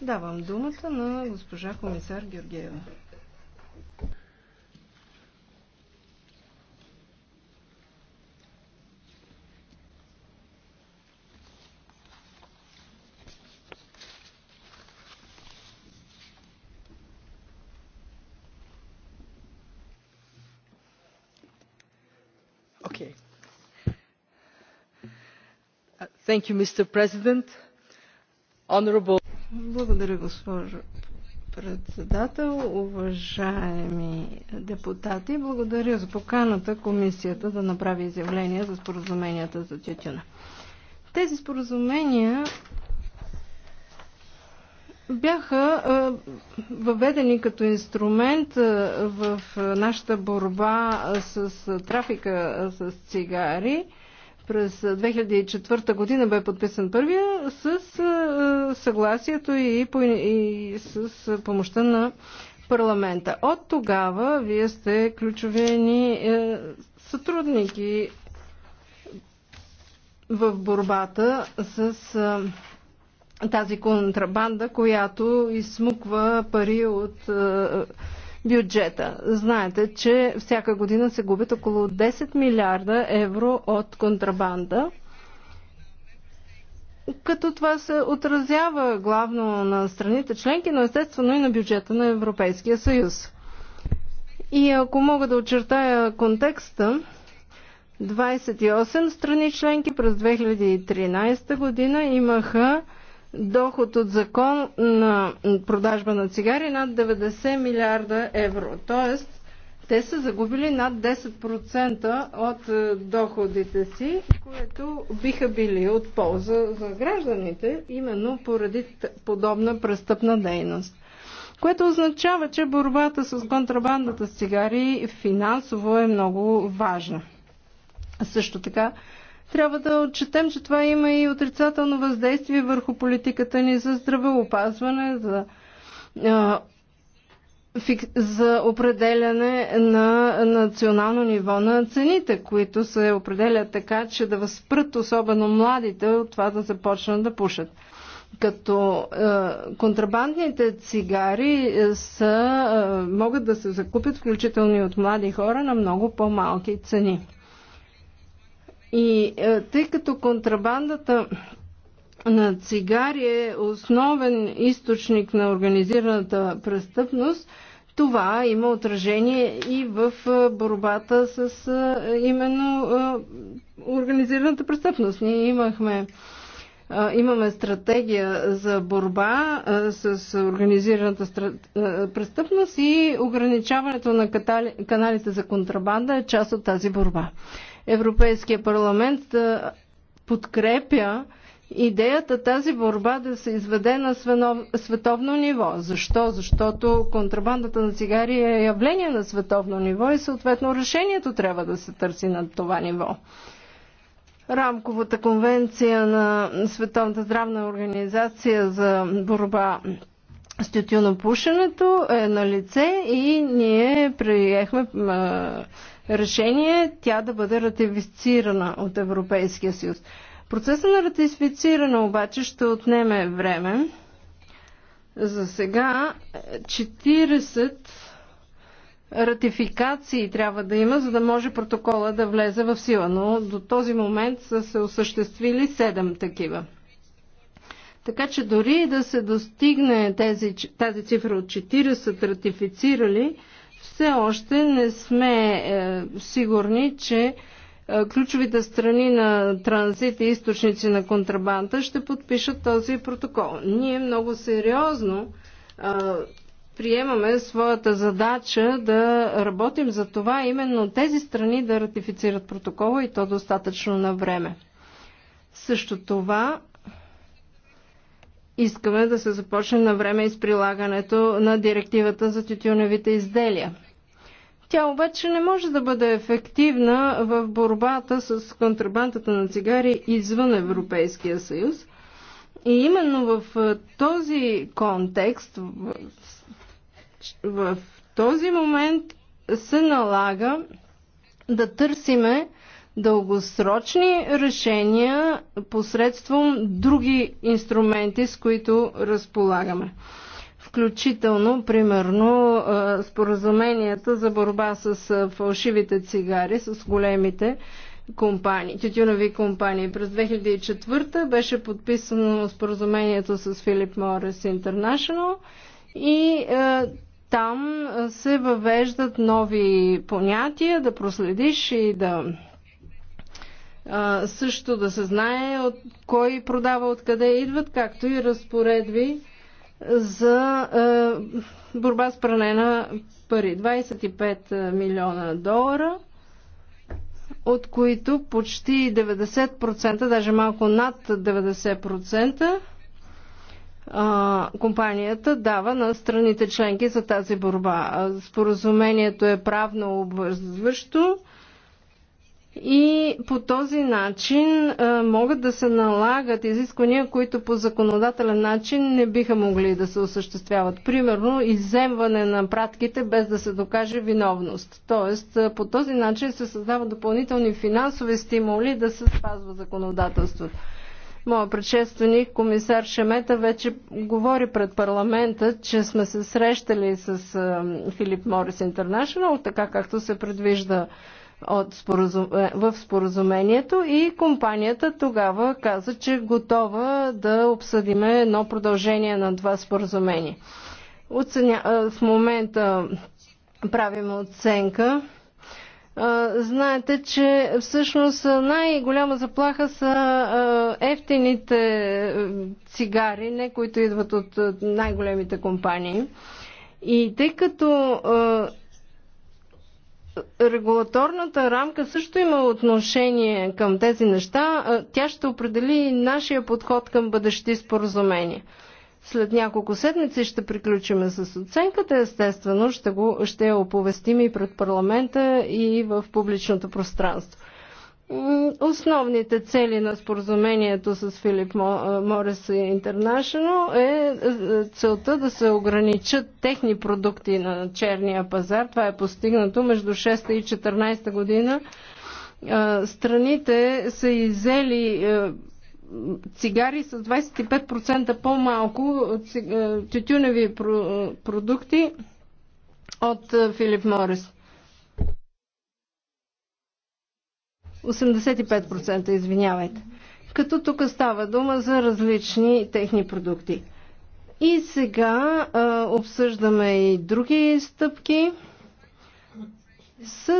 Давам думата на госпожа комисар Георгиева. Uh, thank you, mr president Honorable благодаря, госпожо председател, уважаеми депутати. Благодаря за поканата комисията да направи изявление за споразуменията за тютюна. Тези споразумения бяха въведени като инструмент в нашата борба с трафика с цигари. През 2004 година бе подписан първия с с съгласието и, по, и с помощта на парламента. От тогава вие сте ключови ни е, сътрудники в борбата с е, тази контрабанда, която изсмуква пари от е, бюджета. Знаете, че всяка година се губят около 10 милиарда евро от контрабанда като това се отразява главно на страните членки, но естествено и на бюджета на Европейския съюз. И ако мога да очертая контекста, 28 страни членки през 2013 година имаха доход от закон на продажба на цигари над 90 милиарда евро. Тоест, те са загубили над 10% от е, доходите си, което биха били от полза за гражданите, именно поради подобна престъпна дейност. Което означава, че борбата с контрабандата с цигари финансово е много важна. Също така, трябва да отчетем, че това има и отрицателно въздействие върху политиката ни за здравеопазване, за е, за определяне на национално ниво на цените, които се определят така, че да възпрат особено младите от това да започнат да пушат. Като е, контрабандните цигари е, са, е, могат да се закупят, включително и от млади хора, на много по-малки цени. И е, тъй като контрабандата на цигари е основен източник на организираната престъпност, това има отражение и в борбата с именно организираната престъпност. Ние имахме имаме стратегия за борба с организираната престъпност и ограничаването на каналите за контрабанда е част от тази борба. Европейския парламент подкрепя идеята тази борба да се изведе на световно ниво. Защо? Защото контрабандата на цигари е явление на световно ниво и съответно решението трябва да се търси на това ниво. Рамковата конвенция на Световната здравна организация за борба с тютюнопушенето е на лице и ние приехме решение тя да бъде ратифицирана от Европейския съюз. Процесът на ратифициране обаче ще отнеме време. За сега 40 е, ратификации трябва да има, за да може протокола да влезе в сила, но до този момент са се осъществили 7 такива. Така че дори да се достигне тези, тази цифра от 40 ратифицирали, все още не сме е, сигурни, че е, ключовите страни на транзит и източници на контрабанда ще подпишат този протокол. Ние много сериозно а, е, приемаме своята задача да работим за това именно тези страни да ратифицират протокола и то достатъчно на време. Също това искаме да се започне на време и с прилагането на директивата за тютюневите изделия. Тя обаче не може да бъде ефективна в борбата с контрабандата на цигари извън Европейския съюз. И именно в този контекст, в, в този момент се налага да търсиме дългосрочни решения посредством други инструменти, с които разполагаме включително, примерно, споразуменията за борба с фалшивите цигари, с големите компании, тютюнови компании. През 2004 беше подписано споразумението с Philip Morris International и е, там се въвеждат нови понятия, да проследиш и да е, също да се знае от кой продава, откъде идват, както и разпоредви за е, борба с пране на пари. 25 е, милиона долара, от които почти 90%, даже малко над 90%, е, компанията дава на страните членки за тази борба. Споразумението е правно обвързващо и по този начин а, могат да се налагат изисквания, които по законодателен начин не биха могли да се осъществяват. Примерно, иземване на пратките без да се докаже виновност. Тоест, а, по този начин се създават допълнителни финансови стимули да се спазва законодателството. Моя предшественик, комисар Шемета, вече говори пред парламента, че сме се срещали с а, Филип Морис Интернашнъл, така както се предвижда от споразум... Е, в споразумението и компанията тогава каза, че е готова да обсъдиме едно продължение на това споразумение. Оценя... Е, в момента правим оценка. Е, знаете, че всъщност най-голяма заплаха са ефтините цигари, не които идват от най-големите компании. И тъй като регулаторната рамка също има отношение към тези неща. Тя ще определи нашия подход към бъдещи споразумения. След няколко седмици ще приключим с оценката. Естествено, ще, го, ще я оповестим и пред парламента и в публичното пространство. Основните цели на споразумението с Филип Морис International е, е целта да се ограничат техни продукти на черния пазар. Това е постигнато между 6 и 14 година. Страните са изели е, цигари с 25% по-малко е, тютюневи продукти от Филип Морис. 85%, извинявайте. Като тук става дума за различни техни продукти. И сега а, обсъждаме и други стъпки с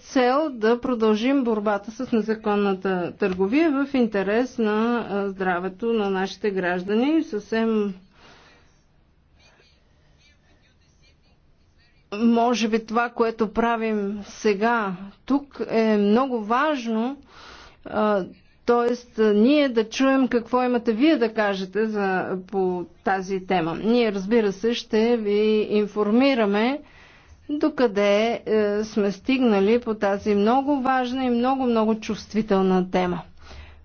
цел да продължим борбата с незаконната търговия в интерес на здравето на нашите граждани. Съвсем може би това, което правим сега тук е много важно, т.е. ние да чуем какво имате вие да кажете за, по тази тема. Ние, разбира се, ще ви информираме докъде е, сме стигнали по тази много важна и много-много чувствителна тема.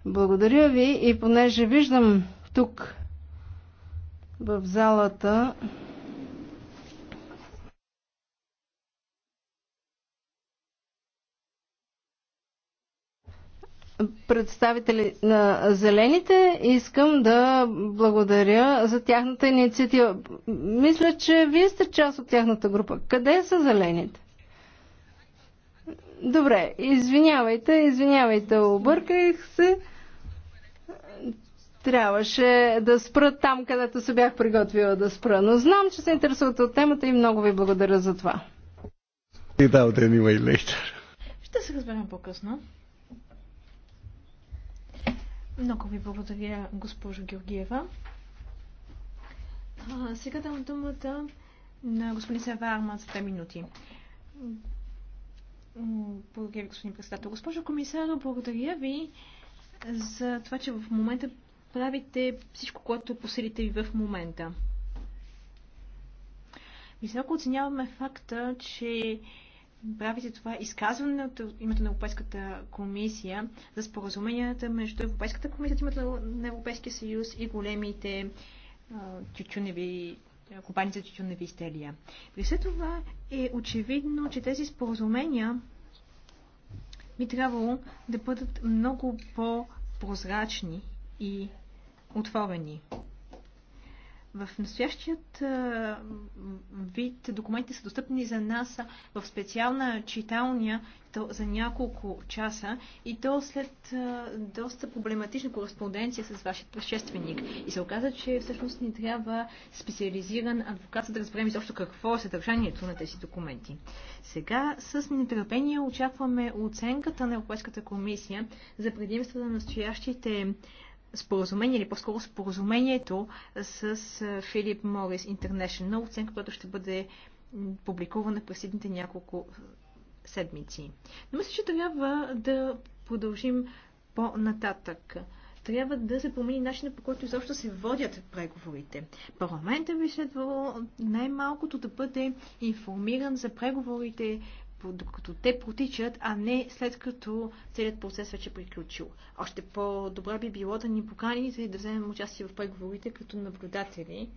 Благодаря ви и понеже виждам тук в залата представители на зелените, искам да благодаря за тяхната инициатива. Мисля, че вие сте част от тяхната група. Къде са зелените? Добре, извинявайте, извинявайте, обърках се. Трябваше да спра там, където се бях приготвила да спра, но знам, че се интересувате от темата и много ви благодаря за това. Ще се разберем по-късно. Много ви благодаря, госпожо Георгиева. А, сега давам думата на господин Саварма за две минути. Благодаря ви, господин председател. Госпожо комисар, благодаря ви за това, че в момента правите всичко, което посилите ви в момента. Високо оценяваме факта, че Правите това изказване от името на Европейската комисия за споразуменията между Европейската комисия от името на Европейския съюз и големите тютюневи компании за тютюневи изделия. При все това е очевидно, че тези споразумения би трябвало да бъдат много по-прозрачни и отворени. В настоящият вид документите са достъпни за нас в специална читалния за няколко часа и то след доста проблематична кореспонденция с вашия предшественик. И се оказа, че всъщност ни трябва специализиран адвокат, за да разберем изобщо какво е съдържанието на тези документи. Сега с нетърпение очакваме оценката на Европейската комисия за предимствата на настоящите споразумение, или по-скоро споразумението с Филип Морис International, оценка, която ще бъде публикувана през следните няколко седмици. Но мисля, че трябва да продължим по-нататък. Трябва да се промени начинът по който изобщо се водят преговорите. Парламентът би следвало най-малкото да бъде информиран за преговорите докато те протичат, а не след като целият процес вече е приключил. Още по-добре би било да ни поканите и да вземем участие в преговорите като наблюдатели,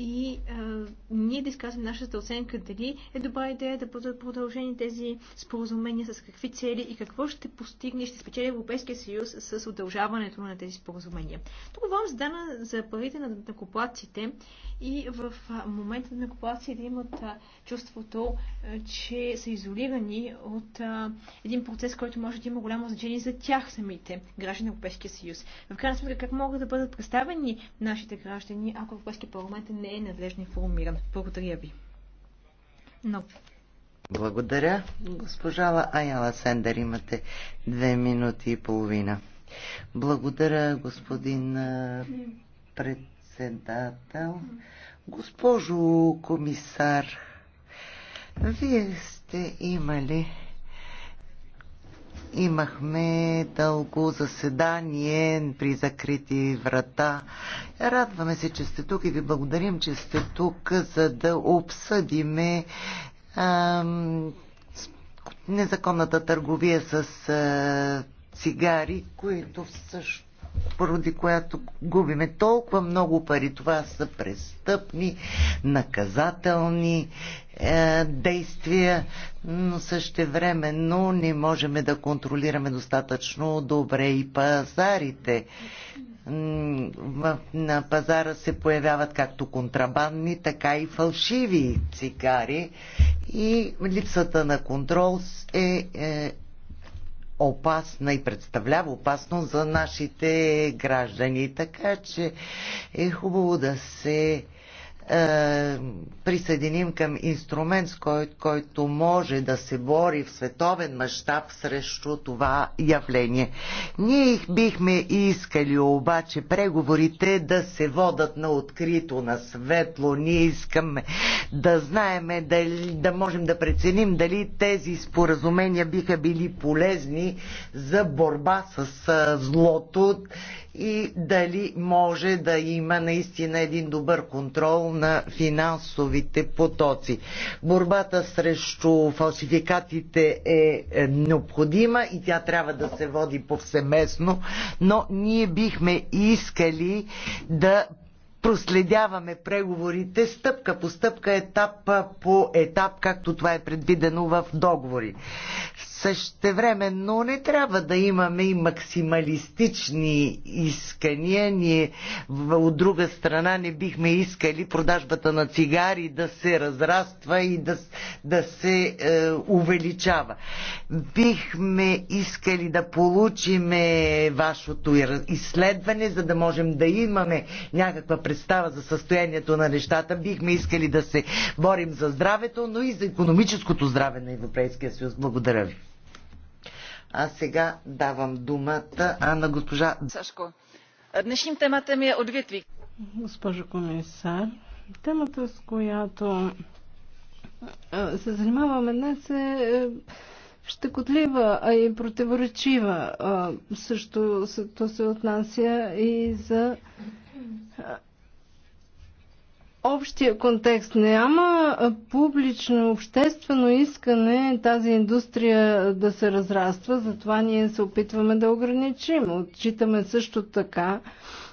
и а, ние да изказваме нашата оценка дали е добра идея да бъдат продължени тези споразумения, с какви цели и какво ще постигне, ще спечели Европейския съюз с удължаването на тези споразумения. Тук говорим за, дана, за парите на накоплаците и в момента на накоплаците имат а, чувството, а, че са изолирани от а, един процес, който може да има голямо значение за тях самите, граждани на Европейския съюз. В крайна сметка, как могат да бъдат представени нашите граждани, ако Европейския парламент не не е надлежно информиран. Благодаря ви. Но... Благодаря. Госпожа Аяла Сендер, имате две минути и половина. Благодаря, господин председател. Госпожо комисар, вие сте имали Имахме дълго заседание при закрити врата. Радваме се, че сте тук и ви благодарим, че сте тук, за да обсъдиме ам, незаконната търговия с а, цигари, които всъщност поради която губиме толкова много пари. Това са престъпни, наказателни е, действия, но също но не можем да контролираме достатъчно добре и пазарите. На пазара се появяват както контрабандни, така и фалшиви цигари и липсата на контрол е, е опасна и представлява опасност за нашите граждани. Така че е хубаво да се е, присъединим към инструмент, с кой, който може да се бори в световен мащаб срещу това явление. Ние бихме искали обаче преговорите да се водат на открито, на светло. Ние искаме да знаеме, дали, да можем да преценим дали тези споразумения биха били полезни за борба с злото и дали може да има наистина един добър контрол на финансовите потоци. Борбата срещу фалшификатите е, е необходима и тя трябва да се води повсеместно, но ние бихме искали да проследяваме преговорите стъпка по стъпка, етап по етап, както това е предвидено в договори. Същевременно не трябва да имаме и максималистични искания. Ние от друга страна не бихме искали продажбата на цигари да се разраства и да, да се е, увеличава. Бихме искали да получиме вашето изследване, за да можем да имаме някаква представа за състоянието на нещата. Бихме искали да се борим за здравето, но и за економическото здраве на Европейския съюз. Благодаря ви. А сега давам думата а, на госпожа Сашко. Днешним ми е ответви. Госпожо комисар, темата с която се занимаваме днес е, е щекотлива, а и противоречива. Също то се отнася и за общия контекст. Няма публично, обществено искане тази индустрия да се разраства, затова ние се опитваме да ограничим. Отчитаме също така,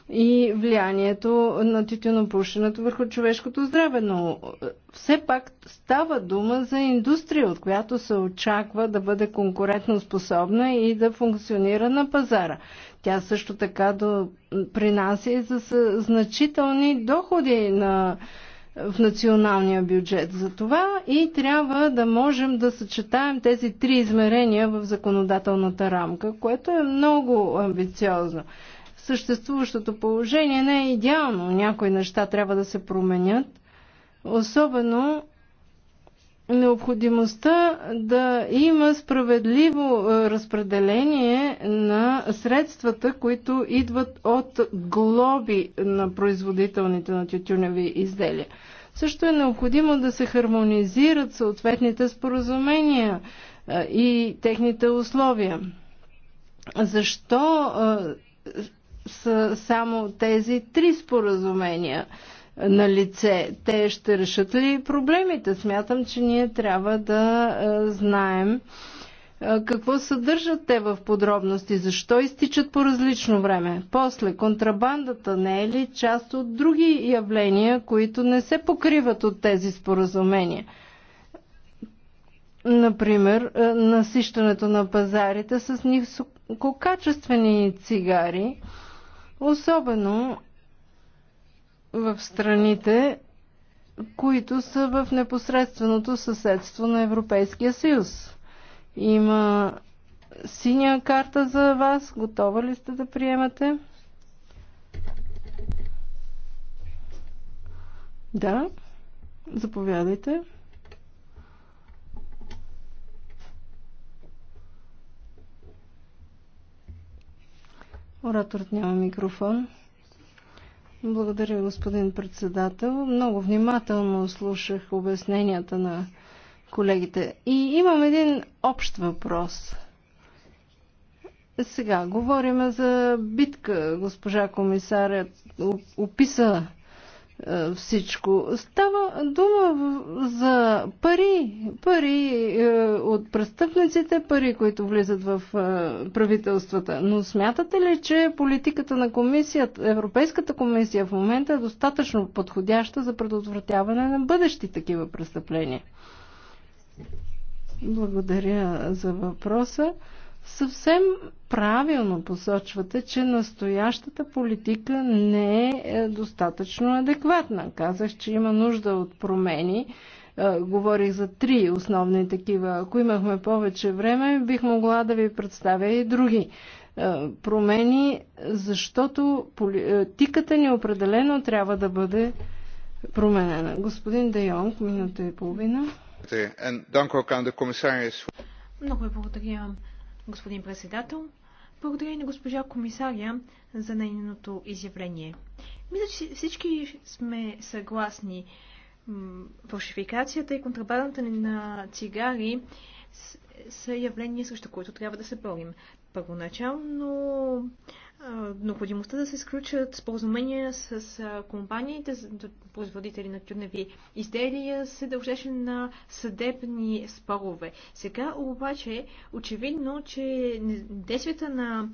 и влиянието на тютюнопушенето върху човешкото здраве, но е, все пак става дума за индустрия, от която се очаква да бъде конкурентно способна и да функционира на пазара. Тя също така до, принася и за значителни доходи на е, в националния бюджет. За това и трябва да можем да съчетаем тези три измерения в законодателната рамка, което е много амбициозно съществуващото положение не е идеално. Някои неща трябва да се променят. Особено необходимостта да има справедливо е, разпределение на средствата, които идват от глоби на производителните на тютюневи изделия. Също е необходимо да се хармонизират съответните споразумения е, и техните условия. Защо е, са само тези три споразумения на лице. Те ще решат ли проблемите? Смятам, че ние трябва да е, знаем е, какво съдържат те в подробности, защо изтичат по различно време. После, контрабандата не е ли част от други явления, които не се покриват от тези споразумения? Например, е, насищането на пазарите с нисококачествени цигари – особено в страните, които са в непосредственото съседство на Европейския съюз. Има синя карта за вас. Готова ли сте да приемате? Да. Заповядайте. Ораторът няма микрофон. Благодаря, господин председател. Много внимателно слушах обясненията на колегите. И имам един общ въпрос. Сега, говорим за битка. Госпожа комисарят описа е, всичко. Става дума за пари. Пари е, от престъпниците, пари, които влизат в е, правителствата. Но смятате ли, че политиката на комисията, Европейската комисия в момента е достатъчно подходяща за предотвратяване на бъдещи такива престъпления? Благодаря за въпроса. Съвсем правилно посочвате, че настоящата политика не е, е достатъчно адекватна. Казах, че има нужда от промени. Е, говорих за три основни такива. Ако имахме повече време, бих могла да ви представя и други е, промени, защото политиката ни определено трябва да бъде променена. Господин Де Йонг, минута и половина. Много ви благодаря, господин председател. Благодаря и на госпожа комисаря за нейното изявление. Мисля, че всички сме съгласни. Фалшификацията и контрабандата на цигари са явления, срещу които трябва да се борим. Първоначално необходимостта да се сключат споразумения с компаниите, производители на тюневи изделия, се дължеше на съдебни спорове. Сега обаче очевидно, че действията на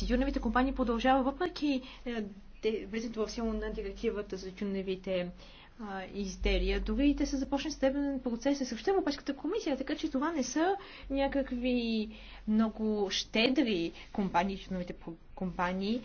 тютюневите компании продължава въпреки е, влизането в сила на директивата за тюневите а, а, изделия. Дори и те са започнали съдебен процес е срещу Европейската комисия, така че това не са някакви много щедри компании, чиновите компании.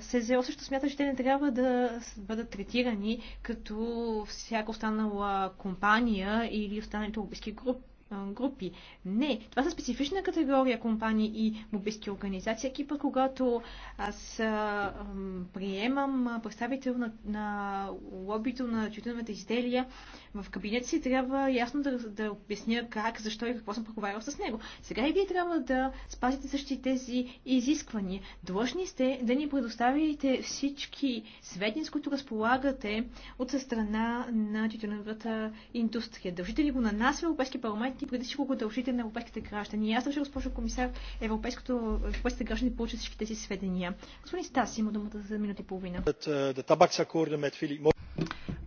СЗО също смята, че те не трябва да бъдат третирани като всяка останала компания или останалите лобистки групи групи. Не, това са специфична категория компании и лобистки организации. Всеки път, когато аз а, приемам представител на, на лобито на чутеновите изделия в кабинет си, трябва ясно да, да обясня как, защо и какво съм проговарял с него. Сега и вие трябва да спазите същите тези изисквания. Длъжни сте да ни предоставите всички сведения, с които разполагате от страна на тютюновата индустрия. Дължите ли го на нас, Европейски парламент, и преди всичко дължите на европейските граждани. Аз държа, госпожо комисар, европейското, европейските граждани получат всички тези сведения. Господин Стас, има думата за минута и половина. Е, е,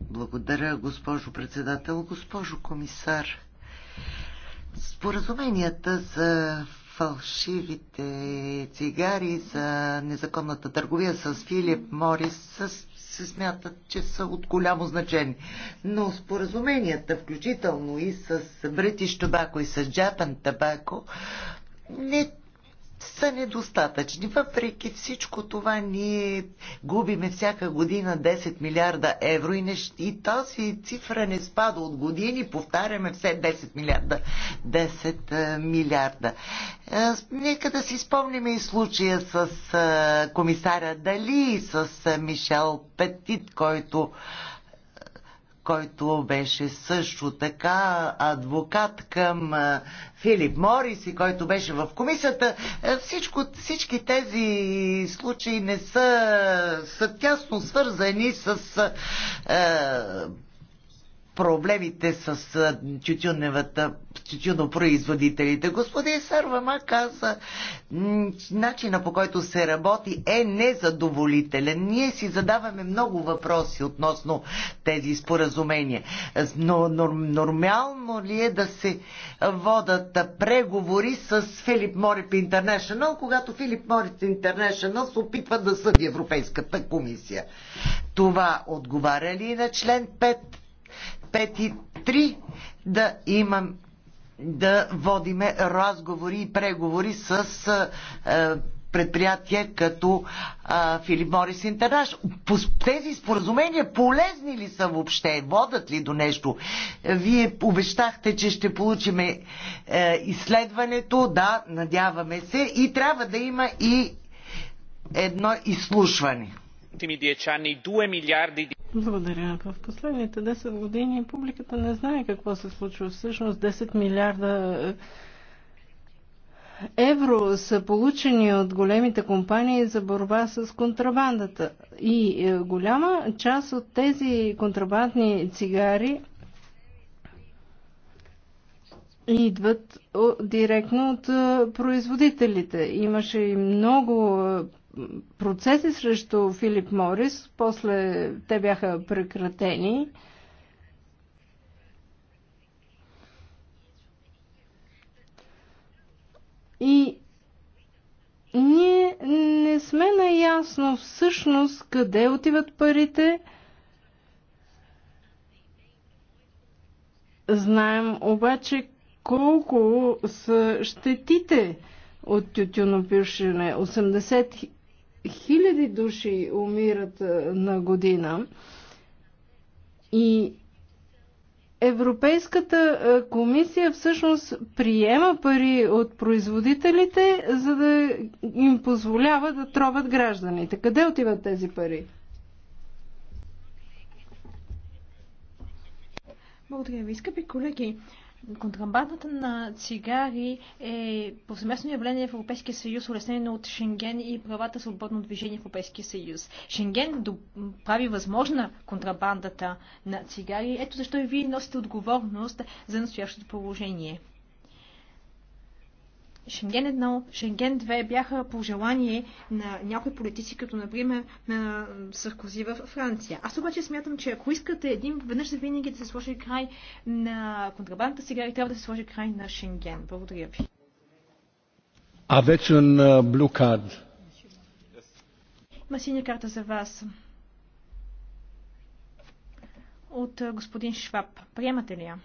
Благодаря, госпожо председател. Госпожо комисар, споразуменията за фалшивите цигари, за незаконната търговия с Филип Морис, с се смятат, че са от голямо значение. Но споразуменията, включително и с British Tobacco и с Japan Tobacco, не са недостатъчни. Въпреки всичко това ние губиме всяка година 10 милиарда евро и, не, и тази цифра не спада от години, повтаряме все 10 милиарда. 10 е, милиарда. Е, нека да си спомним и случая с е, комисаря Дали и с Мишел Петит, който който беше също така адвокат към Филип Морис и който беше в комисията. Е, всичко, всички тези случаи не са, са тясно свързани с е, проблемите с тютюневата, тютюнопроизводителите. Господин Сарвама каза, начина по който се работи е незадоволителен. Ние си задаваме много въпроси относно тези споразумения. Но нормално ли е да се водат преговори с Филип Морип Интернешнъл, когато Филип Морип Интернешнъл се опитва да съди Европейската комисия? Това отговаря ли на член 5 5 и 3 да имам да водиме разговори и преговори с предприятия като а, Филип Морис Интернаш. Тези споразумения полезни ли са въобще? Водат ли до нещо? Вие обещахте, че ще получиме а, е, изследването. Да, надяваме се. И трябва да има и едно изслушване. Благодаря. В последните 10 години публиката не знае какво се случва. Всъщност 10 милиарда е, евро са получени от големите компании за борба с контрабандата. И е, голяма част от тези контрабандни цигари идват директно от е, производителите. Имаше и много процеси срещу Филип Морис, после те бяха прекратени. И ние не сме наясно всъщност къде отиват парите. Знаем обаче колко са щетите от тютюнопушене. 80 хиляди души умират е, на година. И Европейската е, комисия всъщност приема пари от производителите, за да им позволява да троват гражданите. Къде отиват тези пари? Благодаря ви, скъпи колеги. Контрабандата на цигари е повсеместно явление в Европейския съюз, улеснено от Шенген и правата свободно движение в Европейския съюз. Шенген прави възможна контрабандата на цигари. Ето защо и вие носите отговорност за настоящото положение. Шенген 1, Шенген 2 бяха по желание на някои политици, като например на Саркози в Франция. Аз обаче смятам, че ако искате един веднъж за винаги да се сложи край на контрабандата сега и трябва да се сложи край на Шенген. Благодаря ви. А вече на блюкад. Има синя карта за вас. От господин Шваб. Приемате ли я?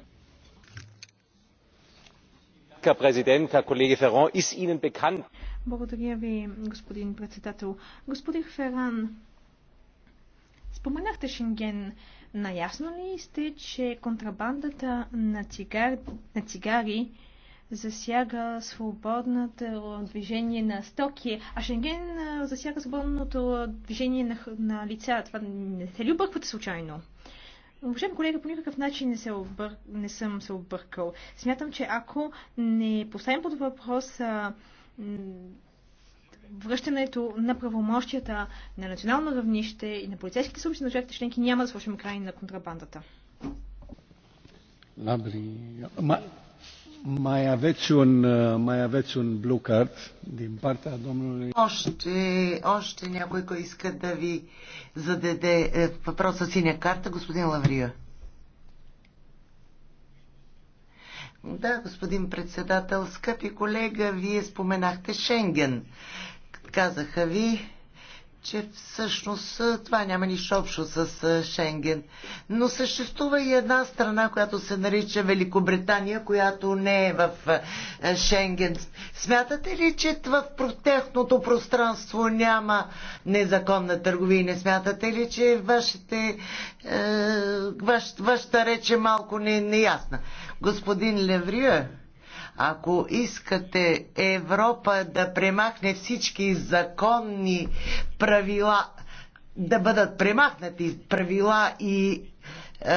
herr präsident herr kollege ferrand ist ihnen bekannt Благодаря ви, господин председател. Господин Феран, споменахте Шенген. Наясно ли сте, че контрабандата на, цигар... на цигари засяга свободното движение на стоки, а Шенген засяга свободното движение на, на лица? Това не се ли случайно? Уважаеми колега, по никакъв начин не, се обър... не съм се объркал. Смятам, че ако не поставим под въпрос а, връщането на правомощията на национално равнище и на полицейските служби на държавите членки, няма да сложим край на контрабандата. Добре. Mai aveți un, uh, mai aveți un blue card din partea domnului... Още, още някой, кой иска да ви зададе е, въпроса синя карта, господин Лаврия. Да, господин председател, скъпи колега, вие споменахте Шенген. Казаха ви, че всъщност това няма нищо общо с Шенген. Но съществува и една страна, която се нарича Великобритания, която не е в Шенген. Смятате ли, че в техното пространство няма незаконна търговия? Не смятате ли, че вашите, е, ваш, вашата реч е малко не, неясна? Господин Леврия? Ако искате Европа да премахне всички законни правила, да бъдат премахнати правила и е,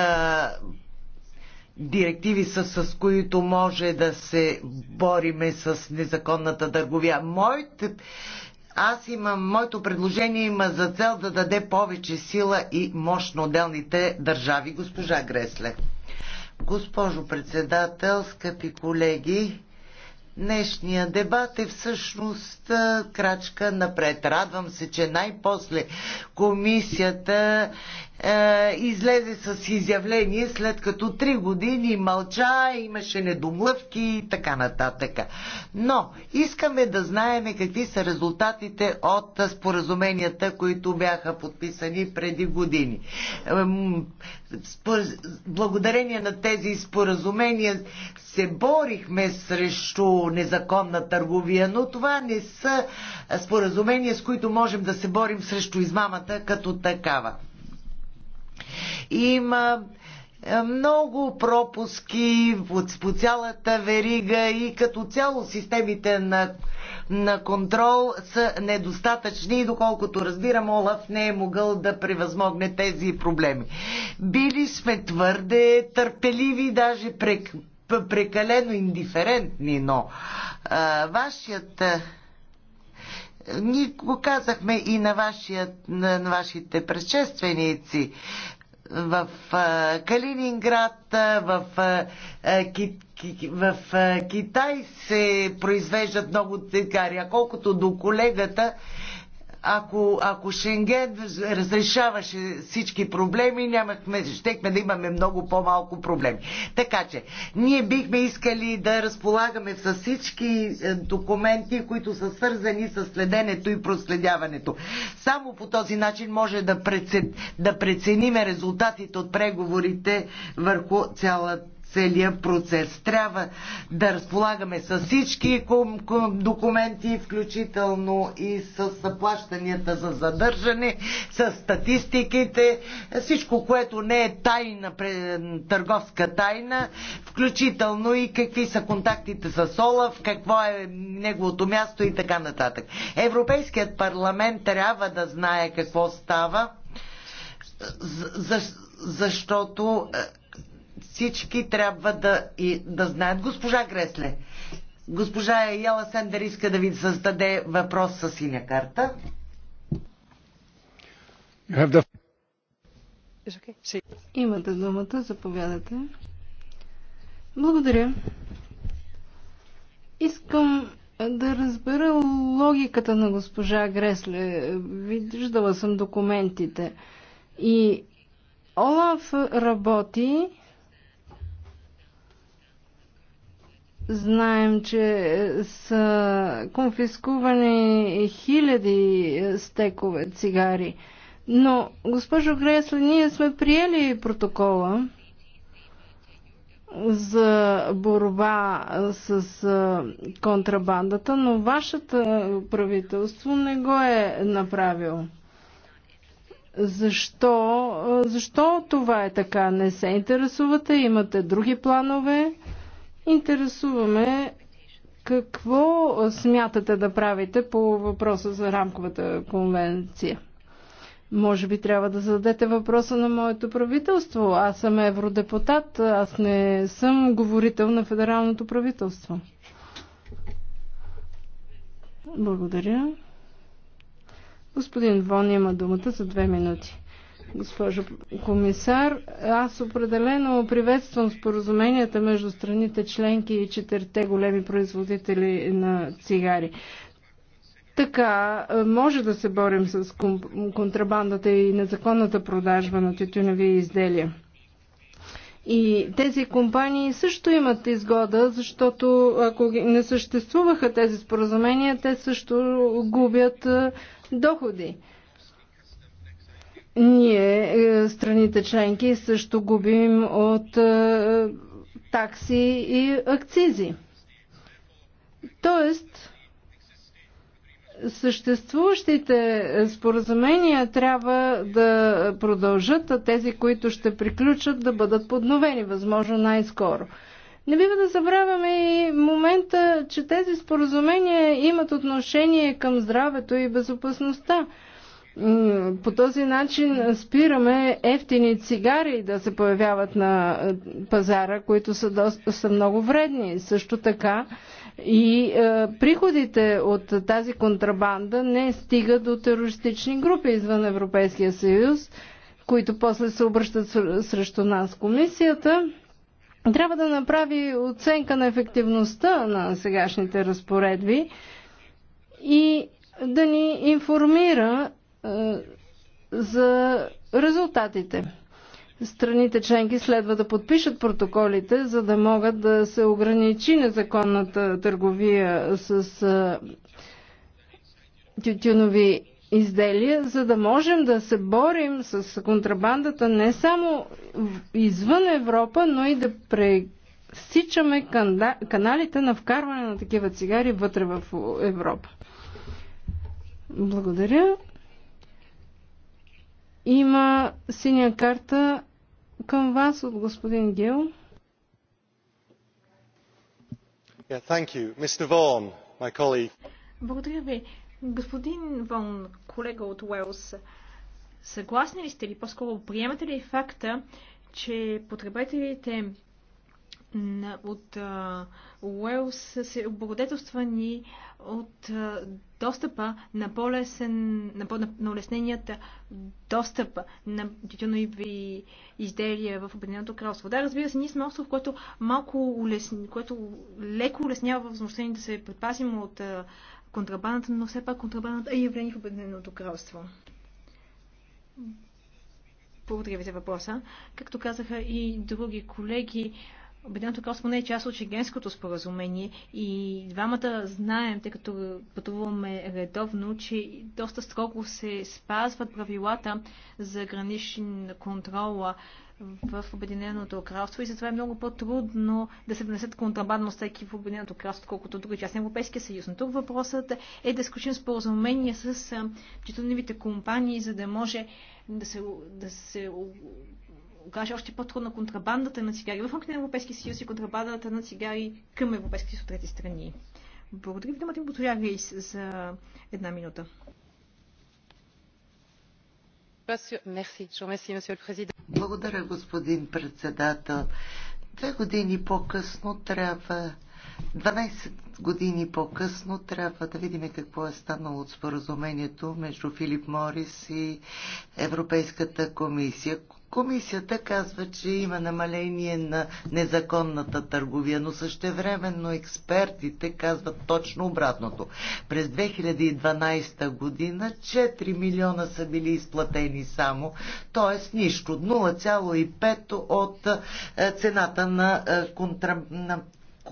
директиви, с, с които може да се бориме с незаконната търговия. Моите, аз имам, моето предложение има за цел да даде повече сила и мощ на отделните държави, госпожа Гресле. Госпожо председател, скъпи колеги, днешния дебат е всъщност крачка напред. Радвам се, че най-после комисията е, излезе с изявление след като три години мълча, имаше недомлъвки и така нататък. Но искаме да знаеме какви са резултатите от споразуменията, които бяха подписани преди години. Благодарение на тези споразумения се борихме срещу незаконна търговия, но това не са споразумения, с които можем да се борим срещу измамата като такава. Има е, много пропуски по цялата верига и като цяло системите на, на контрол са недостатъчни и доколкото разбирам, Олаф не е могъл да превъзмогне тези проблеми. Били сме твърде търпеливи, даже прек, прекалено индиферентни, но а, вашият ние го казахме и на, вашия, на вашите предшественици в Калининград, в, в Китай се произвеждат много цигари. А колкото до колегата, ако, ако Шенген разрешаваше всички проблеми, нямахме, щехме да имаме много по-малко проблеми. Така че, ние бихме искали да разполагаме с всички е, документи, които са свързани с следенето и проследяването. Само по този начин може да, прецен, да прецениме резултатите от преговорите върху цялата целия процес. Трябва да разполагаме с всички документи, включително и с заплащанията за задържане, с статистиките, всичко, което не е тайна, търговска тайна, включително и какви са контактите с Олаф, какво е неговото място и така нататък. Европейският парламент трябва да знае какво става, защото е, всички трябва да, и, да знаят. Госпожа Гресле, госпожа Яла Сендер иска да ви създаде въпрос с синя карта. Имате думата, заповядате. Благодаря. Искам да разбера логиката на госпожа Гресле. Виждала съм документите. И Олаф работи Знаем, че е, са конфискувани хиляди е, стекове цигари. Но, госпожо Гресле, ние сме приели протокола за борба е, с контрабандата, но вашето правителство не го е направило. Защо? Защо това е така? Не се интересувате, имате други планове интересуваме какво смятате да правите по въпроса за рамковата конвенция. Може би трябва да зададете въпроса на моето правителство. Аз съм евродепутат, аз не съм говорител на федералното правителство. Благодаря. Господин Вон има думата за две минути госпожо комисар. Аз определено приветствам споразуменията между страните членки и четирите големи производители на цигари. Така е, може да се борим с контрабандата и незаконната продажба на тютюневи изделия. И тези компании също имат изгода, защото ако не съществуваха тези споразумения, те също губят е, доходи ние, е, страните членки, също губим от е, такси и акцизи. Тоест, съществуващите споразумения трябва да продължат, а тези, които ще приключат, да бъдат подновени, възможно най-скоро. Не бива да забравяме и момента, че тези споразумения имат отношение към здравето и безопасността. По този начин спираме ефтини цигари да се появяват на е, пазара, които са, доста, са много вредни. Също така и е, приходите от тази контрабанда не стигат до терористични групи извън Европейския съюз, които после се обръщат срещу нас. Комисията трябва да направи оценка на ефективността на сегашните разпоредби и да ни информира за резултатите. Страните членки следва да подпишат протоколите, за да могат да се ограничи незаконната търговия с тютюнови изделия, за да можем да се борим с контрабандата не само извън Европа, но и да пресичаме каналите на вкарване на такива цигари вътре в Европа. Благодаря. Има синя карта към вас от господин Гел. Yeah, Vaughan, Благодаря ви. Господин Вон, колега от Уелс, съгласни ли сте или по-скоро приемате ли факта, че потребителите от Уелс се облагодетелствани от достъпа на по-лесен, на, по- на улесненията достъп на тютюнови изделия в Обединеното кралство. Да, разбира се, ние сме остров, което малко улесни, което леко улеснява възможността да се предпазим от контрабандата, но все пак контрабандата е явление в Обединеното кралство. Благодаря ви за въпроса. Както казаха и други колеги, Обединеното кралство не е част от Шенгенското споразумение и двамата знаем, тъй като пътуваме редовно, че доста строго се спазват правилата за граничен контрол в Обединеното кралство и затова е много по-трудно да се внесат контрабандно стеки в Обединеното кралство, колкото други части на Европейския съюз. Но тук въпросът е да сключим споразумение с титуневите компании, за да може да се, да се каже още по трудно контрабандата на цигари в рамките на Европейския съюз и контрабандата на цигари към Европейския съюз от трети страни. Благодаря ви, думата ви, Рейс, за една минута. Благодаря, господин председател. Две години по-късно трябва 12 години по-късно трябва да видим какво е станало от споразумението между Филип Морис и Европейската комисия. Комисията казва, че има намаление на незаконната търговия, но същевременно експертите казват точно обратното. През 2012 година 4 милиона са били изплатени само, т.е. нищо, 0,5 от е, цената на, е, на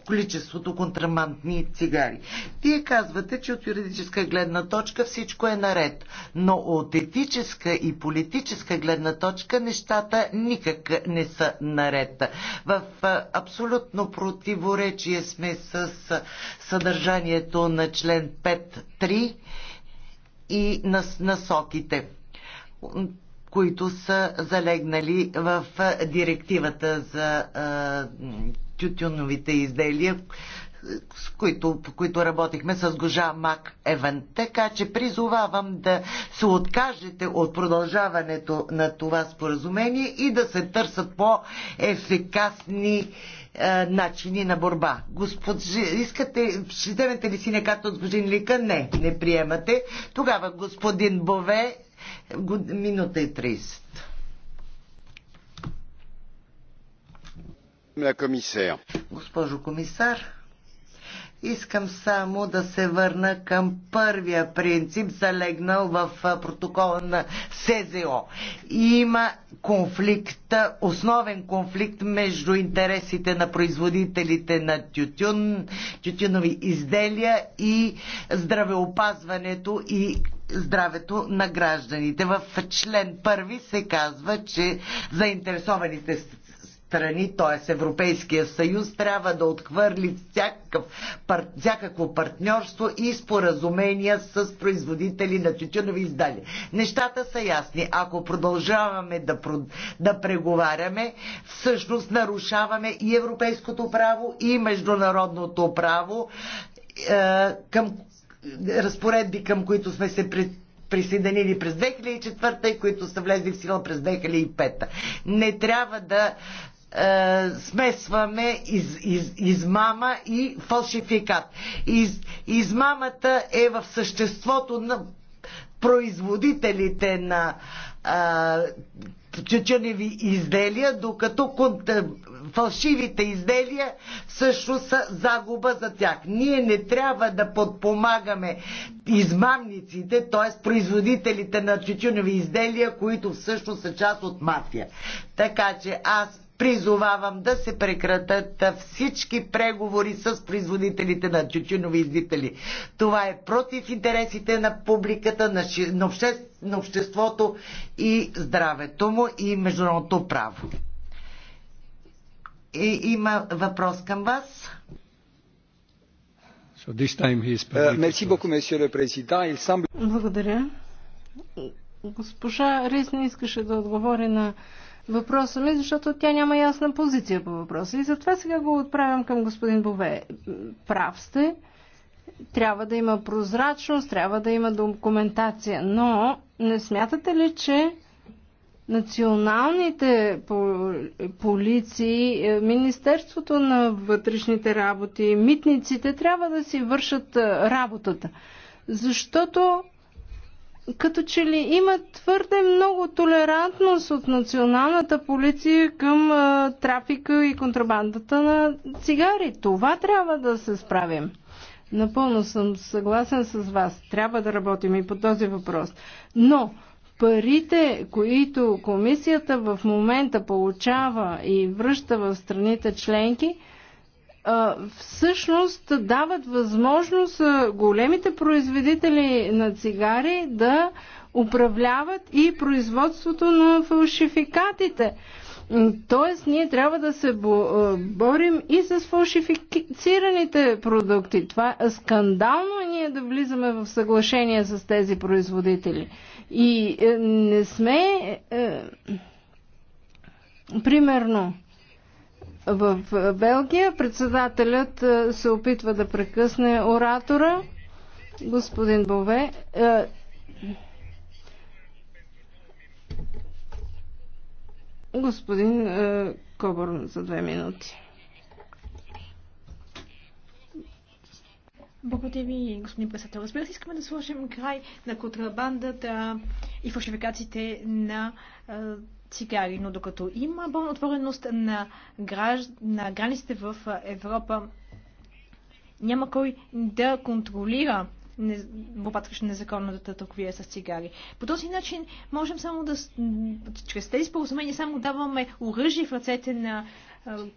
количеството контрамантни цигари. Вие казвате, че от юридическа гледна точка всичко е наред, но от етическа и политическа гледна точка нещата никак не са наред. В абсолютно противоречие сме с съдържанието на член 5.3 и на насоките които са залегнали в директивата за тютюновите изделия, с които, по които работихме с Гожа Мак Еван. Така че призовавам да се откажете от продължаването на това споразумение и да се търсят по-ефикасни е, начини на борба. Господ, искате, ще вземете ли си некато от господин Лика? Не, не приемате. Тогава господин Бове, минута и 30. Госпожо комисар, искам само да се върна към първия принцип, залегнал в протокола на СЗО. Има конфликт, основен конфликт между интересите на производителите на тютюн, тютюнови изделия и здравеопазването и здравето на гражданите. В член първи се казва, че заинтересованите страни, т.е. Европейския съюз, трябва да отхвърли всякакъв, пар, всякакво партньорство и споразумения с производители на тютюнови изделия. Нещата са ясни. Ако продължаваме да, да преговаряме, всъщност нарушаваме и европейското право, и международното право е, към разпоредби, към които сме се пред присъединили през 2004 и които са влезли в сила през 2005. Не трябва да е, смесваме из, из, измама и фалшификат. Из, измамата е в съществото на производителите на а, е, изделия, докато е, фалшивите изделия също са загуба за тях. Ние не трябва да подпомагаме измамниците, т.е. производителите на чечениви изделия, които всъщност са част от мафия. Така че аз призовавам да се прекратат всички преговори с производителите на тютюнови издители. Това е против интересите на публиката, на, на, обще, на обществото и здравето му и международното право. И, има въпрос към вас. Е, Благодаря. Госпожа Рис не искаше да отговори на въпроса ми, защото тя няма ясна позиция по въпроса. И затова сега го отправям към господин Бове. Прав сте, трябва да има прозрачност, трябва да има документация, но не смятате ли, че националните полиции, е, Министерството на вътрешните работи, митниците трябва да си вършат е, работата? Защото като че ли има твърде много толерантност от националната полиция към а, трафика и контрабандата на цигари. Това трябва да се справим. Напълно съм съгласен с вас. Трябва да работим и по този въпрос. Но парите, които комисията в момента получава и връща в страните членки, всъщност дават възможност големите производители на цигари да управляват и производството на фалшификатите. Тоест, ние трябва да се борим и с фалшифицираните продукти. Това е скандално е ние да влизаме в съглашение с тези производители. И е, не сме. Е, примерно, в Белгия председателят е, се опитва да прекъсне оратора. Господин Бове, е, Господин е, Кобърн за две минути. Благодаря ви, господин председател. Разбира се, искаме да сложим край на контрабандата и фалшификациите на цигари. Но докато има пълна отвореност на, гражд... на границите в Европа, няма кой да контролира борбата срещу незаконната търговия с цигари. По този начин можем само да, чрез тези споразумения само даваме оръжие в ръцете на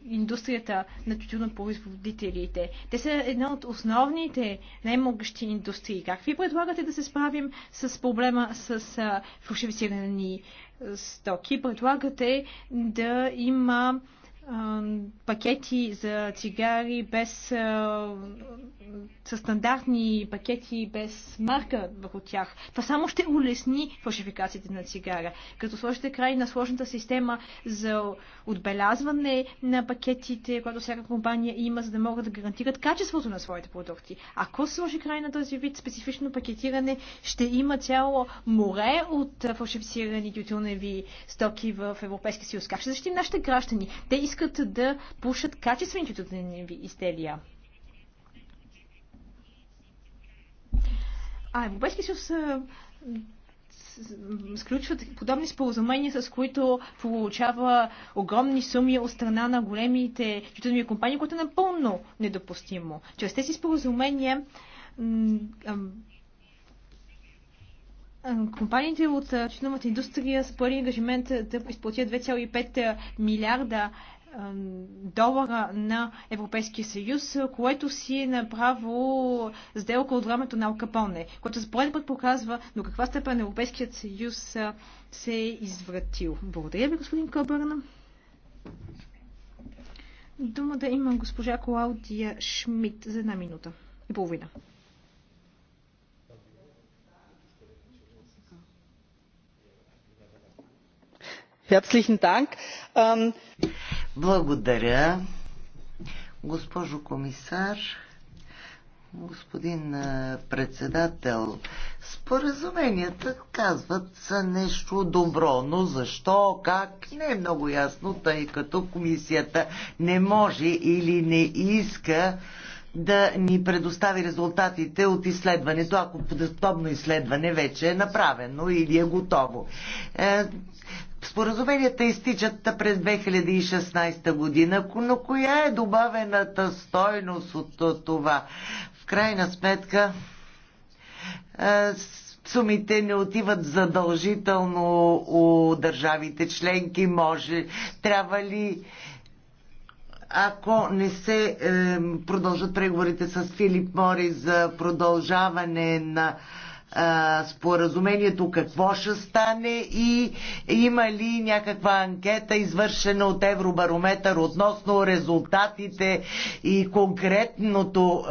индустрията на тютюнопроизводителите. Те са една от основните най-могъщи индустрии. Как ви предлагате да се справим с проблема с фалшифицирани стоки. Предлагате да има пакети за цигари без със стандартни пакети без марка върху тях. Това само ще улесни фалшификациите на цигара. Като сложите край на сложната система за отбелязване на пакетите, която всяка компания има, за да могат да гарантират качеството на своите продукти. Ако се сложи край на този вид специфично пакетиране, ще има цяло море от фалшифицирани тютюневи стоки в Европейския съюз. Как ще защитим нашите граждани? Те искат искат да пушат качествените тютюневи изделия. А Европейски съюз сключват подобни споразумения, с които получава огромни суми от страна на големите тютюневи компании, което е напълно недопустимо. Чрез тези споразумения компаниите от читателната индустрия са поели ангажимент да изплатят 2,5 милиарда долара на Европейския съюз, което си е направо сделка от времето на Алкапоне, което за пореден път показва до каква степен Европейският съюз се е извратил. Благодаря ви, господин Кобърна. Дума да има госпожа Клаудия Шмидт за една минута и половина. Herzlichen Dank. Ähm, благодаря. Госпожо комисар, господин председател, споразуменията казват са нещо добро, но защо, как, не е много ясно, тъй като комисията не може или не иска да ни предостави резултатите от изследването, ако подобно изследване вече е направено или е готово. Е, Споразуменията изтичат през 2016 година, но коя е добавената стойност от това? В крайна сметка сумите не отиват задължително у държавите членки, може, трябва ли ако не се е, продължат преговорите с Филип Мори за продължаване на споразумението, какво ще стане и има ли някаква анкета, извършена от Евробарометър относно резултатите и конкретното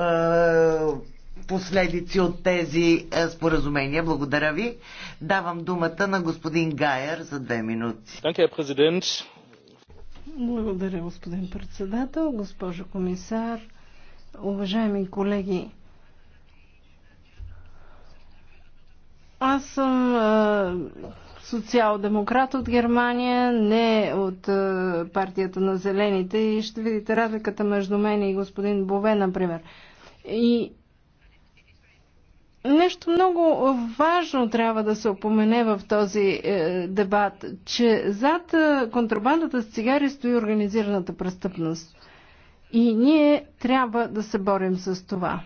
последици от тези споразумения. Благодаря ви. Давам думата на господин Гайер за две минути. Благодаря, господин председател, госпожо комисар, уважаеми колеги. Аз съм социал-демократ от Германия, не от партията на зелените и ще видите разликата между мен и господин Бове, например. И нещо много важно трябва да се опомене в този е, дебат, че зад контрабандата с цигари стои организираната престъпност. И ние трябва да се борим с това.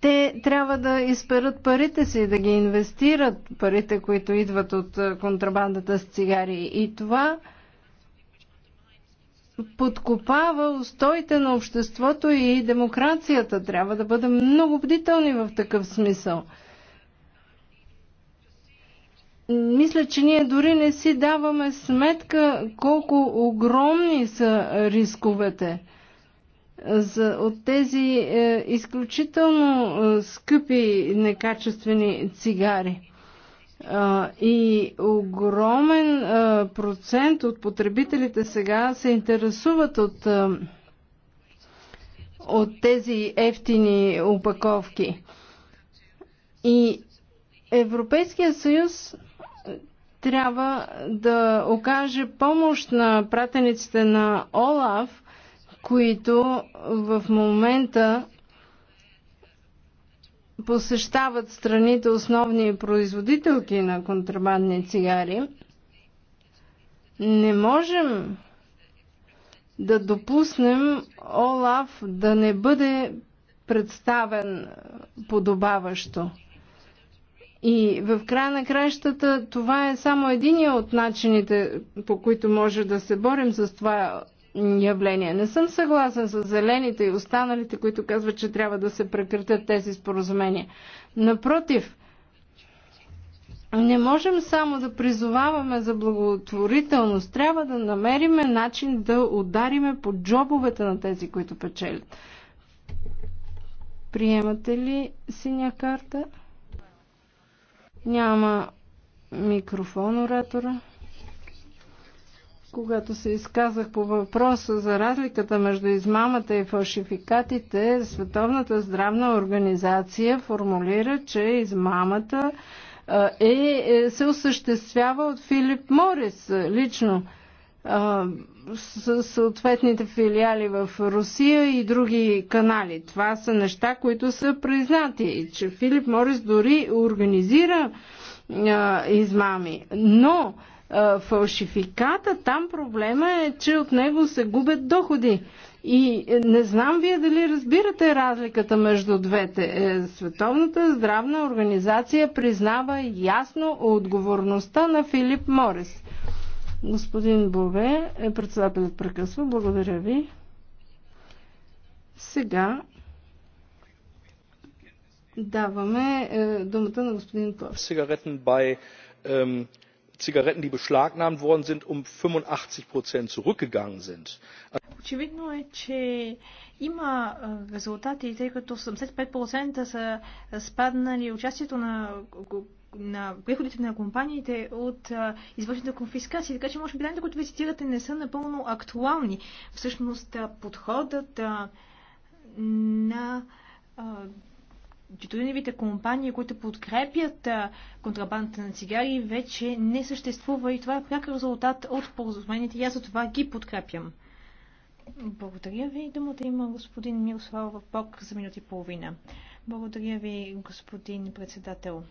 те трябва да изперат парите си, да ги инвестират парите, които идват от е, контрабандата с цигари. И това подкопава устоите на обществото и демокрацията. Трябва да бъдем много бдителни в такъв смисъл. Мисля, че ние дори не си даваме сметка колко огромни са рисковете за, от тези е, изключително е, скъпи некачествени цигари. Е, и огромен е, процент от потребителите сега се интересуват от, е, от тези ефтини упаковки. И Европейския съюз трябва да окаже помощ на пратениците на ОЛАФ – които в момента посещават страните основни производителки на контрабандни цигари, не можем да допуснем Олаф да не бъде представен подобаващо. И в края на кращата това е само единия от начините, по които може да се борим с това явление. Не съм съгласен с зелените и останалите, които казват, че трябва да се прекратят тези споразумения. Напротив, не можем само да призоваваме за благотворителност. Трябва да намериме начин да удариме по джобовете на тези, които печелят. Приемате ли синя карта? Няма микрофон оратора. Когато се изказах по въпроса за разликата между измамата и фалшификатите, Световната здравна организация формулира, че измамата е, е, се осъществява от Филип Морис лично с съответните филиали в Русия и други канали. Това са неща, които са признати. И че Филип Морис дори организира а, измами. Но фалшификата, там проблема е, че от него се губят доходи. И е, не знам вие дали разбирате разликата между двете. Е, Световната здравна организация признава ясно отговорността на Филип Морес. Господин Бове, е председателят прекъсва. Благодаря ви. Сега даваме думата на господин Плов. Сигаретен бай Zigaretten, die beschlagnahmt worden sind, um 85% зurückgegangen sind. Очевидно е, че има резултати, тъй като 75% са спаднали участието на на приходите на компаниите от а, извършената конфискация. Така че, може би, данните, които ви цитирате, не са напълно актуални. Всъщност, подходът на тютюневите компании, които подкрепят контрабандата на цигари, вече не съществува и това е пряк резултат от поразумените Я аз за това ги подкрепям. Благодаря ви. Думата има господин Мирослава Пок за минути и половина. Благодаря ви, господин председател.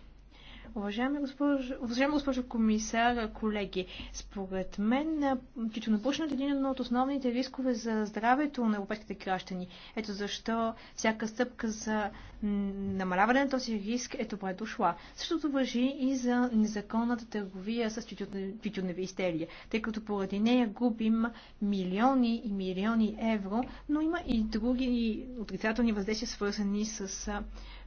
Уважаема госпожо, уважаема госпожо комисар, колеги, според мен тютюнопушенето е един от основните рискове за здравето на европейските граждани. Ето защо всяка стъпка за намаляване на този риск е добре дошла. Същото въжи и за незаконната търговия с тютюневи изделия, тъй като поради нея губим милиони и милиони евро, но има и други отрицателни въздействия, свързани с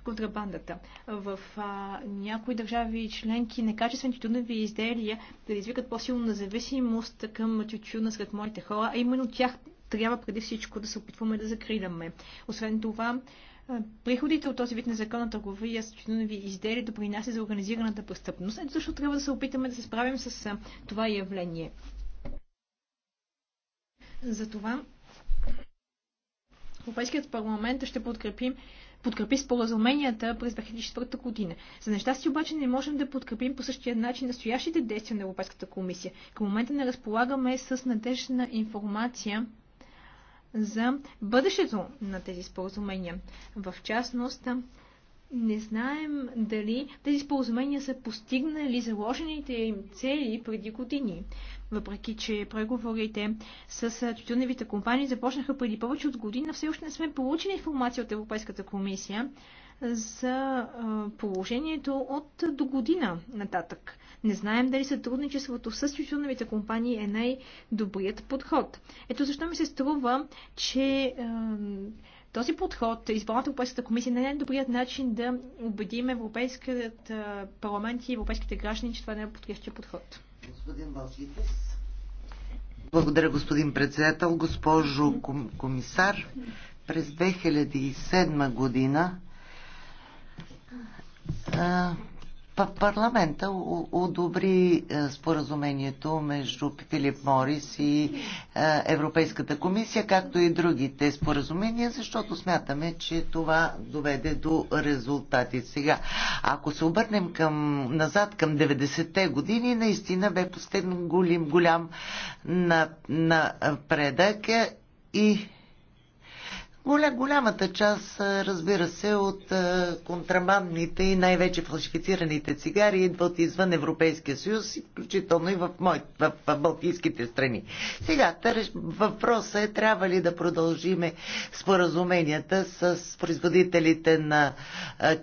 контрабандата. В а, някои държави членки некачествени тютюнови изделия предизвикат по на зависимост към тютюна сред моите хора, а именно тях трябва преди всичко да се опитваме да закриляме. Освен това, Приходите от този вид на закона търговия с тютюнови изделия допринася за организираната престъпност. Ето защо трябва да се опитаме да се справим с това явление. Затова Европейският парламент ще подкрепим подкрепи споразуменията през 2004 година. За си обаче не можем да подкрепим по същия начин настоящите действия на Европейската комисия. Към момента не разполагаме с надежна информация за бъдещето на тези споразумения. В частност, не знаем дали тези споразумения са постигнали заложените им цели преди години въпреки че преговорите с тютюневите компании започнаха преди повече от година, все още не сме получили информация от Европейската комисия за положението от до година нататък. Не знаем дали сътрудничеството с тютюневите компании е най-добрият подход. Ето защо ми се струва, че този подход, избраната Европейската комисия, не е най-добрият начин да убедим Европейският парламент и европейските граждани, че това не е подходящия подход. Господин Балситис. Благодаря, господин председател. Госпожо комисар, през 2007 година парламента одобри е, споразумението между Филип Морис и е, Европейската комисия, както и другите споразумения, защото смятаме, че това доведе до резултати. Сега, ако се обърнем към, назад към 90-те години, наистина бе постигнат голям, голям напредък и Голямата част, разбира се, от контрабандните и най-вече фалшифицираните цигари идват извън Европейския съюз, включително и в, мой, в, в Балтийските страни. Сега, въпросът е трябва ли да продължиме споразуменията с производителите на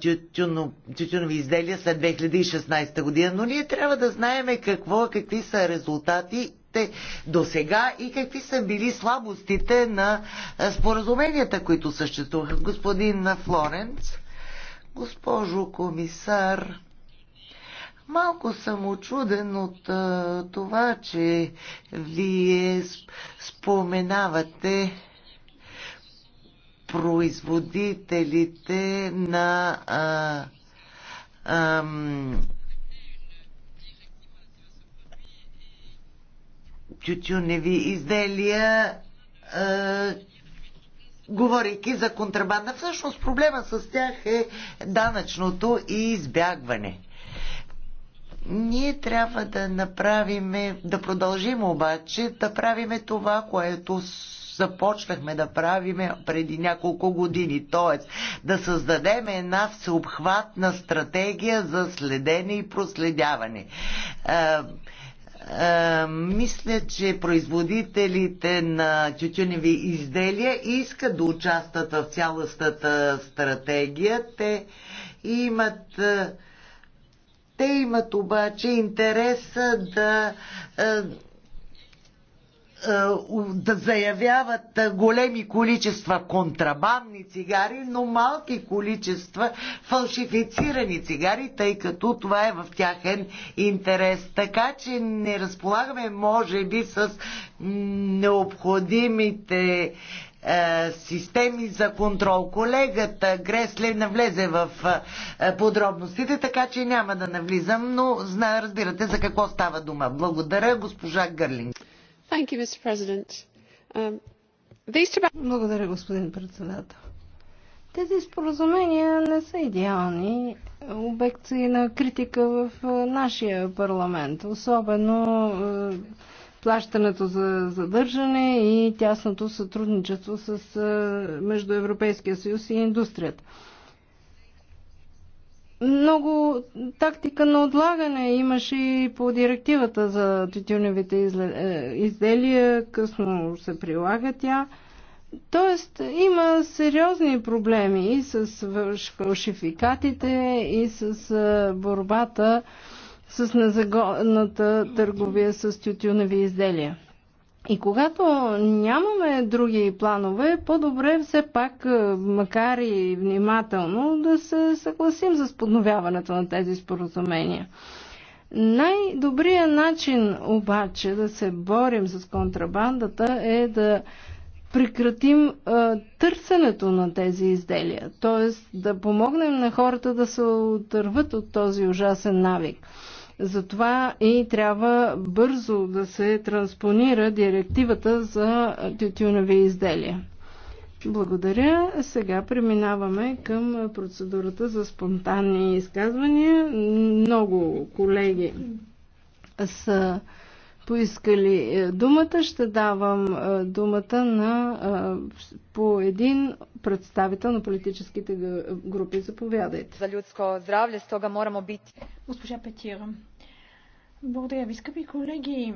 тютюно, тютюнови изделия след 2016 година, но ние трябва да знаеме какво, какви са резултати те до сега и какви са били слабостите на споразуменията, които съществуват. Господин Флоренц, госпожо комисар, Малко съм очуден от а, това, че вие споменавате производителите на а, тютюневи изделия, е, говорейки за контрабанда. Всъщност проблема с тях е данъчното и избягване. Ние трябва да направим, да продължим обаче, да правим това, което започнахме да правиме преди няколко години. т.е. да създадем една всеобхватна стратегия за следене и проследяване. Е, е, мисля, че производителите на тютюневи изделия искат да участват в цялостната стратегия. Те имат, е, те имат обаче интерес да е, е, да заявяват е, големи количества контрабандни цигари, но малки количества фалшифицирани цигари, тъй като това е в тяхен интерес. Така че не разполагаме, може би, с необходимите е, системи за контрол. Колегата Гресле навлезе в подробностите, така че няма да навлизам, но разбирате за какво става дума. Благодаря, госпожа Гърлинг. Um, Благодаря, господин председател. Тези споразумения не са идеални. Обект и на критика в нашия парламент, особено плащането за задържане и тясното сътрудничество с, между Европейския съюз и индустрията много тактика на отлагане имаше и по директивата за тютюневите е, изделия, късно се прилага тя. Тоест има сериозни проблеми и с фалшификатите, и с е, борбата с незагодната търговия с тютюневи изделия. И когато нямаме други планове, по-добре все пак, е, макар и внимателно, да се съгласим за сподновяването на тези споразумения. Най-добрият начин обаче да се борим с контрабандата е да прекратим а, е, търсенето на тези изделия, т.е. да помогнем на хората да се отърват от този ужасен навик. Затова и трябва бързо да се транспонира директивата за тютюнови изделия. Благодаря. Сега преминаваме към процедурата за спонтанни изказвания. Много колеги са поискали е, думата, ще давам е, думата на е, по един представител на политическите групи. Заповядайте. За людско здраве, стога морамо бити. Госпожа Петира, благодаря ви, скъпи колеги.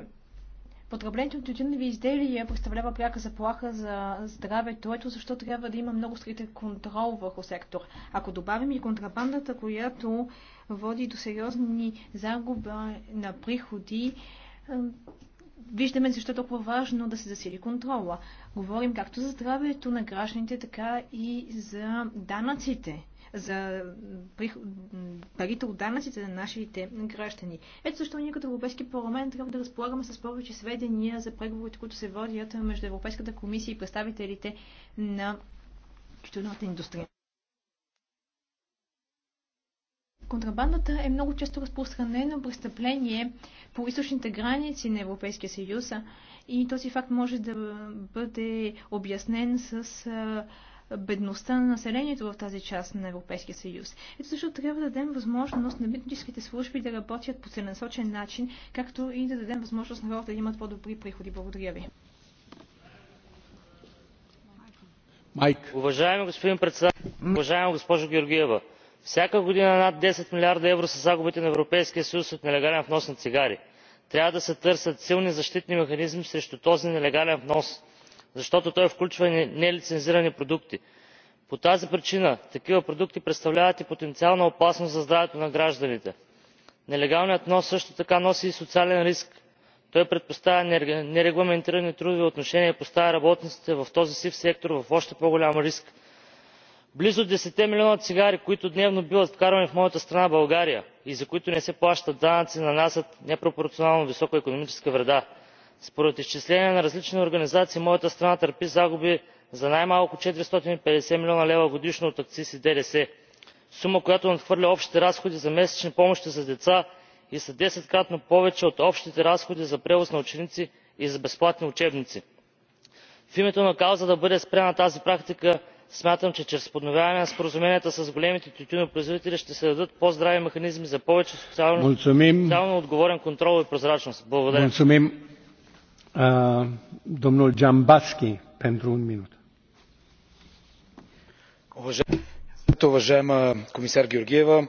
Потреблението от тютюневи изделия представлява пряка заплаха за здравето, ето защо трябва да има много стритен контрол върху сектор. Ако добавим и контрабандата, която води до сериозни загуба на приходи, виждаме защо е толкова важно да се засили контрола. Говорим както за здравето на гражданите, така и за данъците, за парите от данъците на нашите граждани. Ето защо ние като Европейски парламент трябва да разполагаме с повече сведения за преговорите, които се водят между Европейската комисия и представителите на тютюната индустрия. Контрабандата е много често разпространено престъпление по източните граници на Европейския съюз и този факт може да бъде обяснен с бедността на населението в тази част на Европейския съюз. Ето защо трябва да дадем възможност на митническите служби да работят по целенасочен начин, както и да дадем възможност на хората да имат по-добри приходи. Благодаря ви. Майк. Уважаеми господин председател, уважаема госпожо Георгиева, всяка година над десет милиарда евро са загубите на европейския съюз от нелегален внос на цигари. трябва да се търсят силни защитни механизми срещу този нелегален внос защото той включва и нелицензирани продукти. по тази причина такива продукти представляват и потенциална опасност за здравето на гражданите. нелегалният внос също така носи и социален риск. той предпоставя нерегламентирани трудови отношения и поставя работниците в този сив сектор в още по голям риск близо десетте милиона цигари които дневно биват вкарвани в моята страна българия и за които не се плащат данъци нанасят непропорционално висока икономическа вреда. според изчисления на различни организации моята страна търпи загуби за най малко четиристотин и петдесет милиона лева годишно от акциз и ддс сума която надхвърля общите разходи за месечни помощи за деца и са десеткратно повече от общите разходи за превоз на ученици и за безплатни учебници. в името на кауза да бъде спряна тази практика смятам че чрез подновяване на споразуменията с големите тютюнопроизводители ще се дадат по здрави механизми за повече социално отговорен контрол и прозрачност. благодаря. уважаема комисар георгиева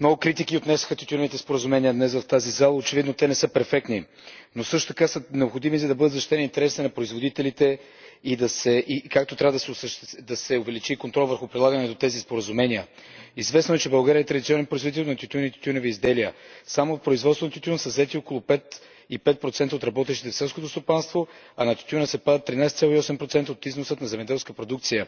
много критики отнесоха тютюневите споразумения днес в тази зала. очевидно те не са перфектни но също така са необходими за да бъдат защитени интересите на производителите и както трябва да се увеличи контролът върху прилагането на тези споразумения. известно е че българя е традиционен производител на тютюн и тютюневи изделия. само в производството на тютюн са заети около пет процента от работещите в селското стопанство а на тютюна се падат тринадесет осем процента от износа на земеделска продукция.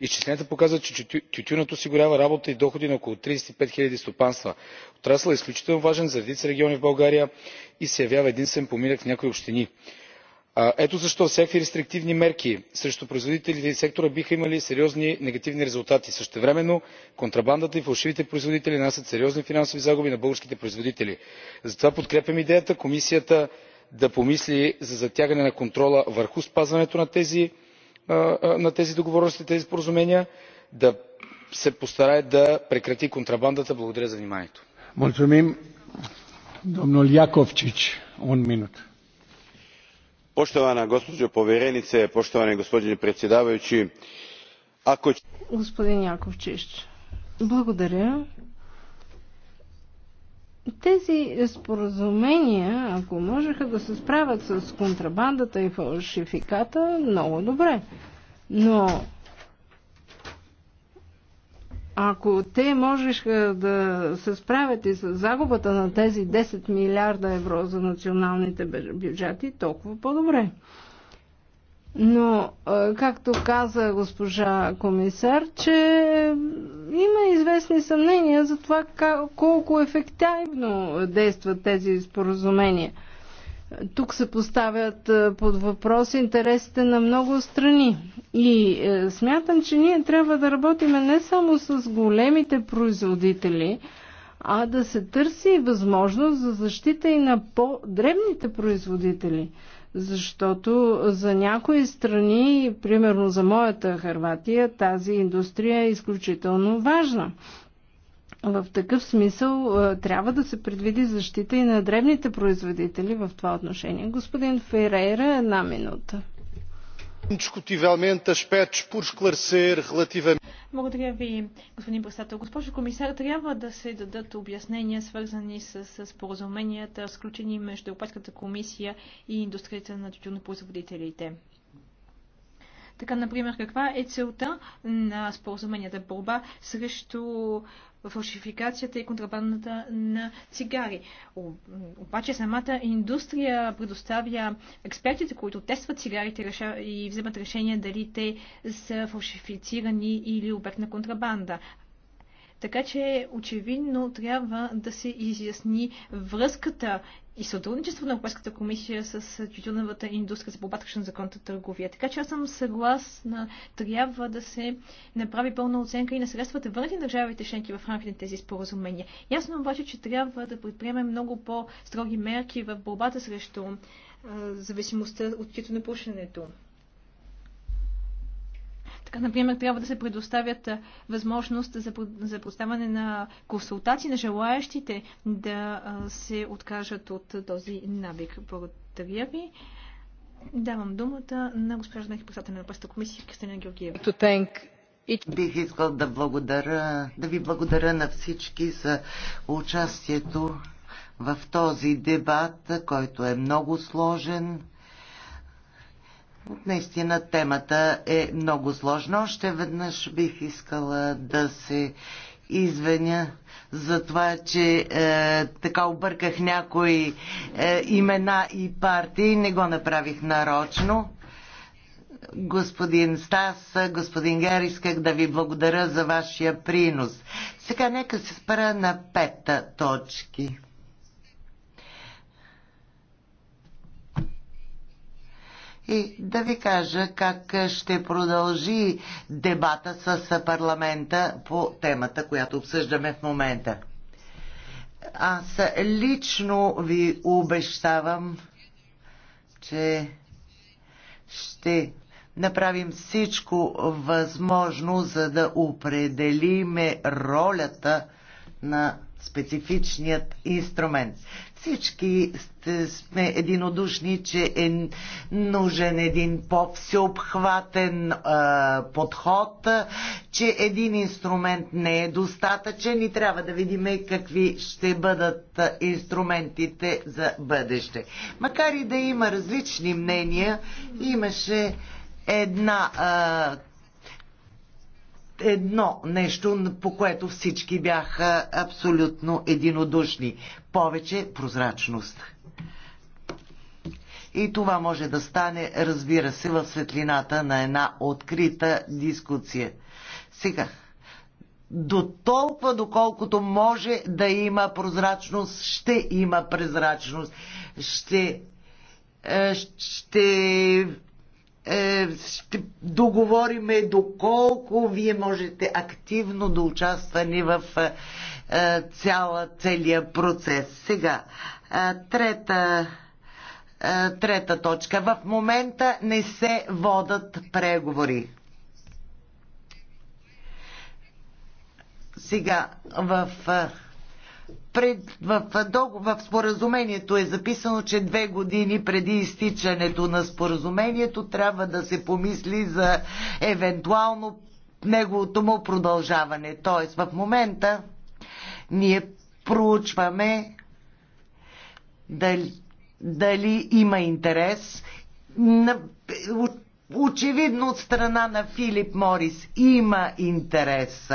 изчисленията показват че тютюнът осигурява работа и доходи на около тридесет и пет хиляди стопанства. отрасълът е изключително важен за редица региони в България и се явява единствен поминък в някои общини ето защо всякакви рестриктивни мерки срещу производителите и сектора биха имали сериозни негативни резултати. същевременно контрабандата и фалшивите производители нанасят сериозни финансови загуби на българските производители. затова подкрепям идеята комисията да помисли за затягане на контрола върху спазването на тези договорености тези споразумения да се постарае да прекрати контрабандата. благодаря за вниманието poštovana gospođo povjerenice poštovani gospodine predsjedavajući ako. господин Яковчич, благодаря. Тези споразумения, ако можеха да се справят с контрабандата и фалшификата, много добре. Но ако те можеха да се справят и с загубата на тези 10 милиарда евро за националните бюджети, толкова по-добре. Но, както каза госпожа комисар, че има известни съмнения за това колко ефективно действат тези споразумения – тук се поставят под въпрос интересите на много страни. И е, смятам, че ние трябва да работиме не само с големите производители, а да се търси възможност за защита и на по-дребните производители. Защото за някои страни, примерно за моята Харватия, тази индустрия е изключително важна. В такъв смисъл е, трябва да се предвиди защита и на древните производители в това отношение. Господин Ферейра, една минута. Благодаря ви, господин председател. Госпожо комисар, трябва да се дадат обяснения, свързани с, споразуменията, сключени между Европейската комисия и индустрията на тютюнопроизводителите. производителите. Така, например, каква е целта на споразуменията борба срещу фалшификацията и контрабандата на цигари. Обаче самата индустрия предоставя експертите, които тестват цигарите и вземат решение дали те са фалшифицирани или обект на контрабанда. Така че очевидно трябва да се изясни връзката и сътрудничество на Европейската комисия с тютюневата индустрия за борбата с законната търговия. Така че аз съм съгласна, трябва да се направи пълна оценка и на средствата върнати на държавите членки в рамките на тези споразумения. Ясно обаче, че трябва да предприемем много по-строги мерки в борбата срещу зависимостта от тютюнопушенето. пушенето. Така, например, трябва да се предоставят възможност за, за поставяне на консултации на желаящите да се откажат от този навик. Благодаря ви. Давам думата на госпожа Днехи председател на Европейската комисия Кристина Георгиева. Бих искал да, благодаря, да ви благодаря на всички за участието в този дебат, който е много сложен, Наистина темата е много сложна. Още веднъж бих искала да се извиня за това, че е, така обърках някои е, имена и партии. Не го направих нарочно. Господин Стас, господин Гер, исках да ви благодаря за вашия принос. Сега нека се спра на пет точки. и да ви кажа как ще продължи дебата с парламента по темата, която обсъждаме в момента. Аз лично ви обещавам, че ще направим всичко възможно, за да определиме ролята на специфичният инструмент. Всички сме единодушни, че е нужен един по-всеобхватен подход, че един инструмент не е достатъчен и трябва да видим какви ще бъдат инструментите за бъдеще. Макар и да има различни мнения, имаше една Е, едно нещо, по което всички бяха абсолютно единодушни. Повече прозрачност. И това може да стане, разбира се, в светлината на една открита дискусия. Сега, до толкова, доколкото може да има прозрачност, ще има прозрачност. Ще, е, ще е, ще договориме доколко вие можете активно да участвате в е, е, цяла, целия процес. Сега, трета, трета точка. В момента не се водат преговори. Сега, в пред, в, в споразумението е записано, че две години преди изтичането на споразумението трябва да се помисли за евентуално неговото му продължаване. Тоест в момента ние проучваме дали, дали има интерес. Очевидно от страна на Филип Морис има интерес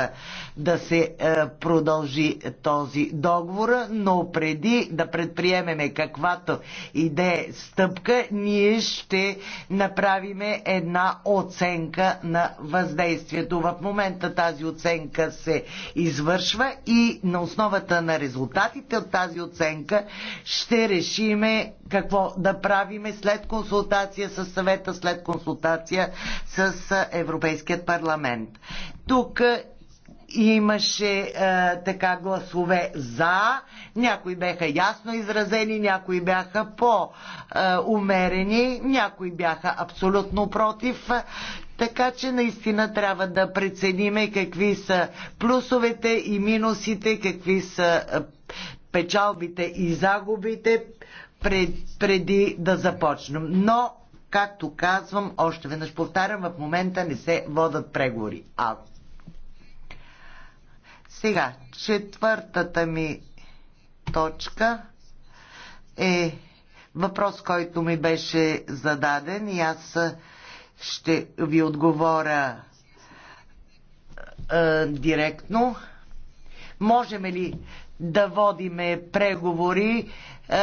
да се е, продължи този договор, но преди да предприемеме каквато идея стъпка, ние ще направиме една оценка на въздействието. В момента тази оценка се извършва и на основата на резултатите от тази оценка ще решиме какво да правиме след консултация с съвета, след консултация консултация с Европейският парламент. Тук имаше е, така гласове за, някои бяха ясно изразени, някои бяха по-умерени, е, някои бяха абсолютно против. Така че наистина трябва да прецениме какви са плюсовете и минусите, какви са е, печалбите и загубите пред, преди да започнем. Но Както казвам, още веднъж повтарям, в момента не се водат преговори. А сега, четвъртата ми точка е въпрос, който ми беше зададен и аз ще ви отговоря е, директно. Можем ли да водиме преговори е,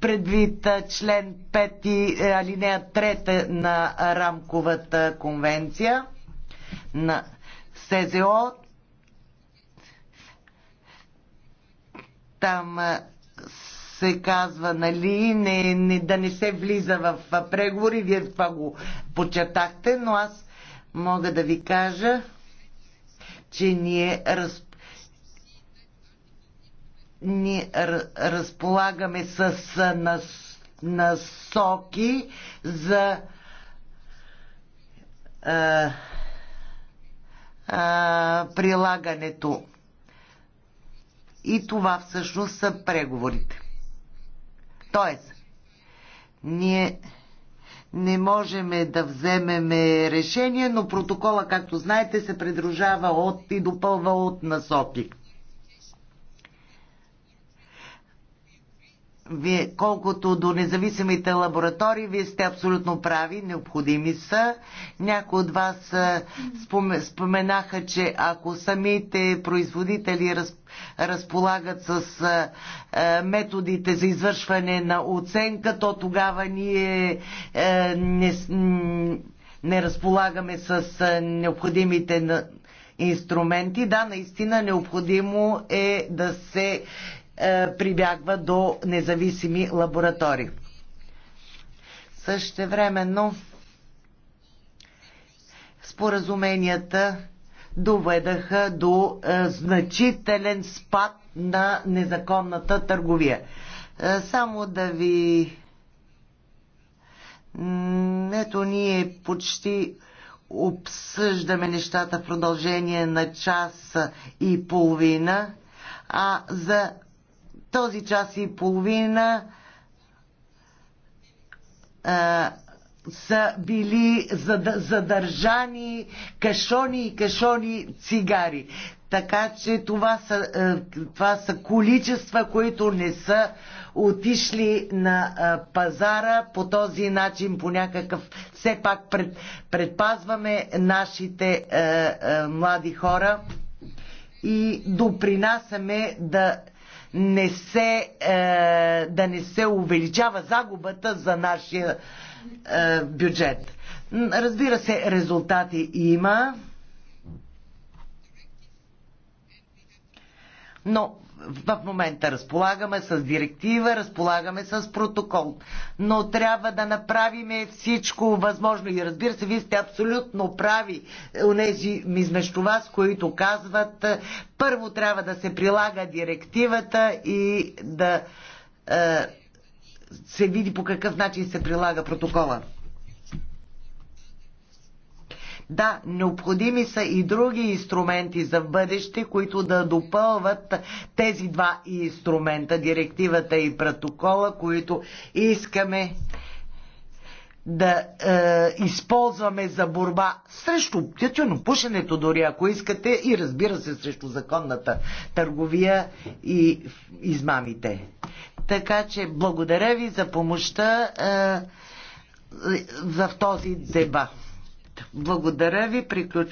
предвид е, член 5 е, алинея 3 на рамковата конвенция на СЗО. Там се казва, нали, не, не, да не се влиза в преговори, вие това го почетахте, но аз мога да ви кажа, че ние разпочваме ние разполагаме с нас, насоки за а, а, прилагането. И това всъщност са преговорите. Тоест, ние не можем да вземем решение, но протокола, както знаете, се придружава от и допълва от насоки. вие, колкото до независимите лаборатории, вие сте абсолютно прави, необходими са. Някои от вас споменаха, че ако самите производители разполагат с методите за извършване на оценка, то тогава ние не, не разполагаме с необходимите инструменти. Да, наистина необходимо е да се е, прибягва до независими лаборатории. Същевременно споразуменията доведаха до е, значителен спад на незаконната търговия. Е, само да ви ето ние почти обсъждаме нещата в продължение на час и половина, а за този час и половина а, са били задържани кашони и кашони цигари. Така че това са, това са количества, които не са отишли на пазара. По този начин, по някакъв, все пак пред, предпазваме нашите е, е, млади хора и допринасяме да не се, е, да не се увеличава загубата за нашия е, бюджет. Разбира се, резултати има. Но в момента разполагаме с директива, разполагаме с протокол. Но трябва да направим всичко възможно. И разбира се, вие сте абсолютно прави, унези измежду вас, които казват, е, първо трябва да се прилага директивата и да е, се види по какъв начин се прилага протокола. Да, необходими са и други инструменти за бъдеще, които да допълват тези два инструмента, директивата и протокола, които искаме да е, използваме за борба срещу пушенето дори, ако искате, и разбира се, срещу законната търговия и измамите. Така че благодаря ви за помощта е, в този дебат. Благодаря ви. Приключва